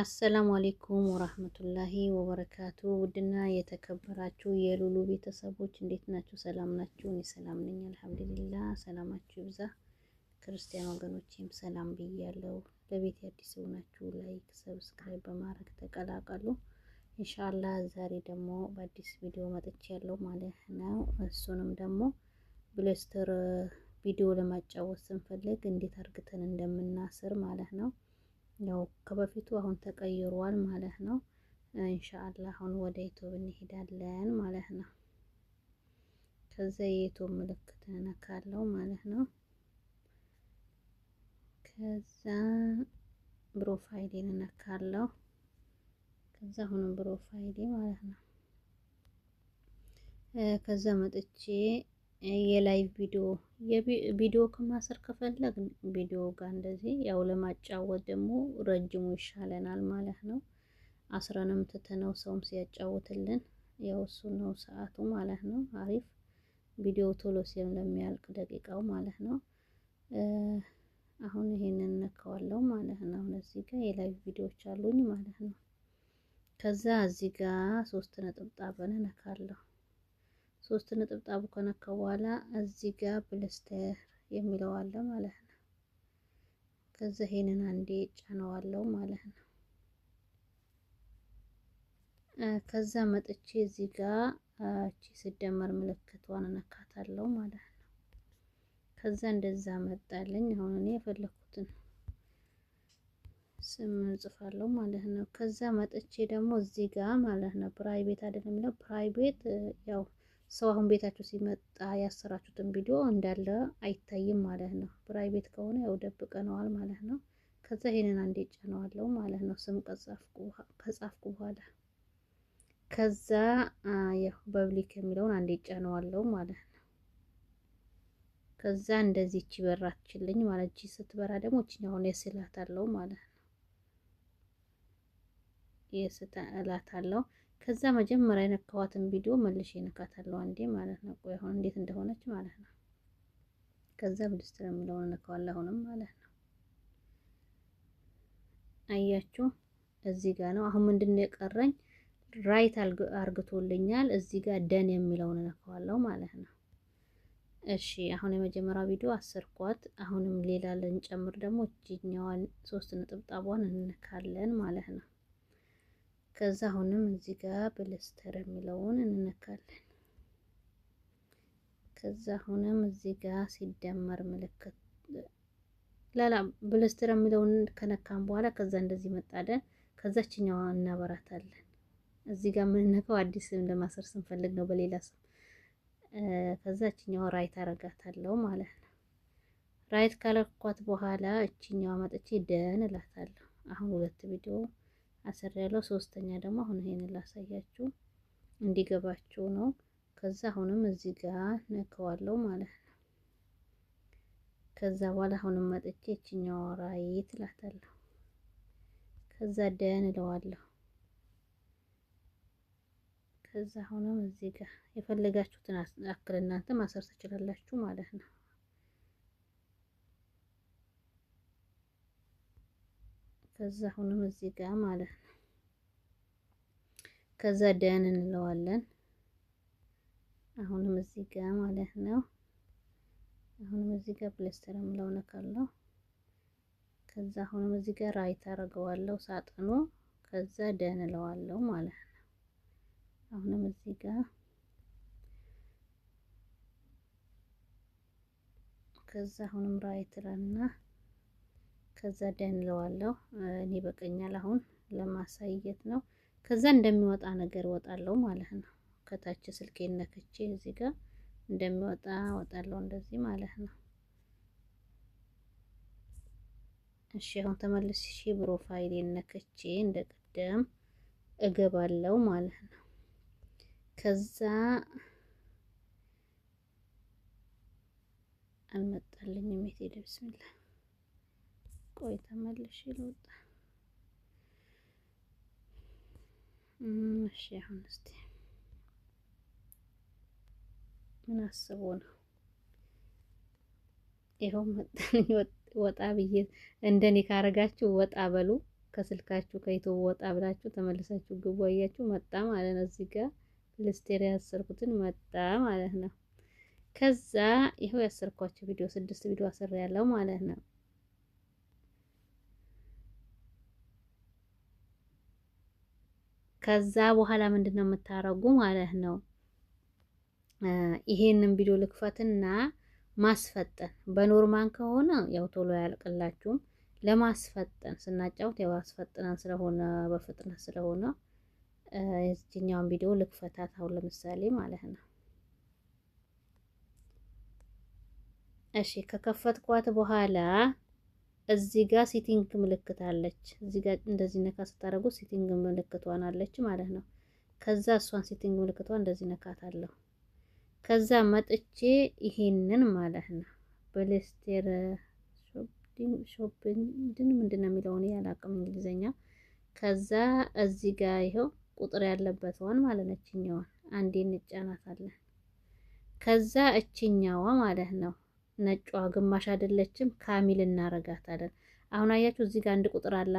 አሰላሙ አሌይኩም ወራህመቱላሂ ወበረካቱ። ውድና የተከበራችሁ የሉሉ ቤተሰቦች እንዴት ናችሁ? ሰላም ናችሁ? እኔ ሰላም ነኝ አልሐምዱሊላ። ሰላማችሁ ይብዛ። ክርስቲያን ወገኖቼም ሰላም ብያለው። ለቤት አዲስ የሆናችሁ ላይክ፣ ሰብስክራይብ በማድረግ ተቀላቀሉ። እንሻላ ዛሬ ደግሞ በአዲስ ቪዲዮ መጥቼ ያለው ማለት ነው። እሱንም ደግሞ ብሌስተር ቪዲዮ ለማጫወት ስንፈልግ እንዴት አርግተን እንደምናስር ማለት ነው ያው ከበፊቱ አሁን ተቀይሯል ማለት ነው። እንሻአላ አሁን ወደ ዩቱብ እንሄዳለን ማለት ነው። ከዛ የዩቱብ ምልክት እነካለሁ ማለት ነው። ከዛ ፕሮፋይሌን እነካለሁ። ከዛ አሁንም ፕሮፋይሌ ማለት ነው። ከዛ መጥቼ የላይቭ ቪዲዮ ቪዲዮ ከማሰር ከፈለግ ቪዲዮ ጋር እንደዚህ ያው ለማጫወት ደግሞ ረጅሙ ይሻለናል ማለት ነው። አስረንም ትተነው ሰውም ሲያጫውትልን ያው እሱ ነው ሰዓቱ ማለት ነው። አሪፍ ቪዲዮ ቶሎ ሲም ለሚያልቅ ደቂቃው ማለት ነው። አሁን ይሄንን እነካዋለው ማለት ነው። አሁን እዚህ ጋር የላይቭ ቪዲዮዎች አሉኝ ማለት ነው። ከዛ እዚህ ጋር ሶስት ነጠብጣብን እነካለሁ። ሶስት ነጥብጣቡ ከነካ በኋላ እዚህ ጋር ብልስተር የሚለው አለ ማለት ነው። ከዛ ይሄንን አንዴ ጫነዋለው ማለት ነው። ከዛ መጥቼ እዚህ ጋር እቺ ስደመር ምልክቷን እነካታለው ማለት ነው። ከዛ እንደዛ መጣልኝ። አሁን እኔ የፈለኩትን ስም እንጽፋለሁ ማለት ነው። ከዛ መጥቼ ደግሞ እዚህ ጋር ማለት ነው ፕራይቬት አይደለም የሚለው ፕራይቬት ያው ሰው አሁን ቤታችሁ ሲመጣ ያሰራችሁትን ቪዲዮ እንዳለ አይታይም ማለት ነው። ፕራይቬት ከሆነ ያው ደብቀነዋል ማለት ነው። ከዛ ይሄንን አንዴ ጫነዋለሁ ማለት ነው። ስም ከጻፍኩ በኋላ ከዛ ያው ፐብሊክ የሚለውን አንዴ ጫነዋለሁ ማለት ነው። ከዛ እንደዚህ ይቺ በራችልኝ ማለት ጂ ስትበራ ደግሞ እቺኛውን የስላት አለው ማለት ነው። የስተ እላታለሁ። ከዛ መጀመሪያ የነካኋትን ቪዲዮ መልሼ እነካታለሁ አንዴ ማለት ነው። ቆይ አሁን እንዴት እንደሆነች ማለት ነው። ከዛ ብድስትር የሚለውን እነካዋለሁ አሁንም ማለት ነው። አያችሁ እዚህ ጋር ነው አሁን ምንድን ነው የቀረኝ? ራይት አርግቶልኛል። እዚህ ጋር ደን የሚለውን እነካዋለሁ ማለት ነው። እሺ አሁን የመጀመሪያው ቪዲዮ አሰርኳት። አሁንም ሌላ ልንጨምር ደግሞ እጅኛዋን ሶስት ነጥብጣቧን እንነካለን ማለት ነው። ከዛ አሁንም እዚህ ጋር ብልስተር የሚለውን እንነካለን። ከዛ አሁንም እዚህ ጋር ሲደመር ምልክት ላላ ብልስተር የሚለውን ከነካን በኋላ ከዛ እንደዚህ መጣለን። ከዛችኛው እናበራታለን። እዚህ ጋር የምንነካው አዲስ ስም ለማሰር ስንፈልግ ነው በሌላ ስም። ከዛችኛው ራይት አረጋታለሁ ማለት ነው። ራይት ካለኳት በኋላ እችኛዋ መጥቼ ደን እላታለሁ። አሁን ሁለት ቪዲዮ አስር ያለው ሶስተኛ ደግሞ አሁን ይሄን ላሳያችሁ እንዲገባችሁ ነው። ከዛ አሁንም እዚህ ጋር ነከዋለው ማለት ነው። ከዛ በኋላ አሁንም መጥቼ እችኛዋ ራይት እላታለሁ። ከዛ ደን እለዋለሁ። ከዛ አሁንም እዚህ ጋር የፈለጋችሁትን አክል እናንተ ማሰር ትችላላችሁ ማለት ነው። ከዛ አሁንም እዚህ ጋር ማለት ነው። ከዛ ደን እንለዋለን። አሁንም እዚህ ጋር ማለት ነው። አሁንም እዚህ ጋር ፕላስተር የምለው ነካለው። ከዛ አሁንም እዚህ ጋር ራይት አደርገዋለሁ ሳጥኑ። ከዛ ደን እለዋለሁ ማለት ነው። አሁንም እዚህ ጋር ከዛ አሁንም ራይት ራና ከዛ ደንለዋለሁ እኔ በቀኛል አሁን ለማሳየት ነው። ከዛ እንደሚወጣ ነገር ወጣለው ማለት ነው። ከታች ስልኬ ነክቼ እዚህ ጋር እንደሚወጣ ወጣለው እንደዚህ ማለት ነው። እሺ አሁን ተመልሼ ፕሮፋይል ነክቼ ቀደም እገባለው ማለት ነው። ከዛ አልመጣልኝም የት ሄደ? ብስሚላ ቆይ ተመልሼ ልውጣ። እሺ አሁን እስቲ ምን አስቦ ነው? ይኸው መጣልኝ። ወጣ ብዬ እንደኔ ካረጋችሁ ወጣ በሉ ከስልካችሁ ከይቶ ወጣ ብላችሁ ተመልሳችሁ ግቡ። አያችሁ መጣ ማለት ነው። እዚህ ጋር ልስቴር ያሰርኩትን መጣ ማለት ነው። ከዛ ይኸው ያሰርኳቸው ቪዲዮ ስድስት ቪዲዮ አስሬ ያለው ማለት ነው። ከዛ በኋላ ምንድን ነው የምታረጉ ማለት ነው። ይሄንን ቪዲዮ ልክፈትና ማስፈጠን በኖርማን ከሆነ ያው ቶሎ ያልቅላችሁም ለማስፈጠን ስናጫውት ያው አስፈጥነን ስለሆነ በፍጥነት ስለሆነ የዚህኛውን ቪዲዮ ልክፈታት አሁን ለምሳሌ ማለት ነው። እሺ ከከፈትኳት በኋላ እዚህ ጋር ሴቲንግ ምልክት አለች። እዚህ ጋር እንደዚህ ነካ ስታደርጉ ሴቲንግ ምልክቷን አለች ማለት ነው። ከዛ እሷን ሴቲንግ ምልክቷን እንደዚህ ነካት አለሁ። ከዛ መጥቼ ይሄንን ማለት ነው በሌስቴር ሾፕንግን ምንድን ነው የሚለውን ያላቅም እንግሊዘኛ። ከዛ እዚህ ጋር ይኸው ቁጥር ያለበትዋን ማለት ነው እችኛዋን አንዴ እንጫናታለን። ከዛ እችኛዋ ማለት ነው ነጯ ግማሽ አይደለችም ካሚል እናረጋታለን። አሁን አያችሁ እዚህ ጋር አንድ ቁጥር አለ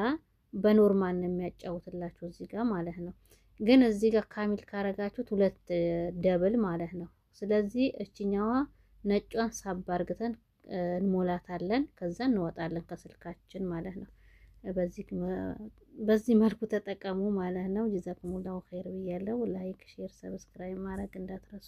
በኖርማል ነው የሚያጫውትላችሁ እዚህ ጋር ማለት ነው። ግን እዚህ ጋር ካሚል ካረጋችሁት ሁለት ደብል ማለት ነው። ስለዚህ እችኛዋ ነጯን ሳባ አርግተን እንሞላታለን። ከዛ እንወጣለን ከስልካችን ማለት ነው። በዚህ መልኩ ተጠቀሙ ማለት ነው። ጀዛኩሙላሁ ኸይር ብያለሁ። ላይክ፣ ሼር፣ ሰብስክራይብ ማድረግ እንዳትረሱ።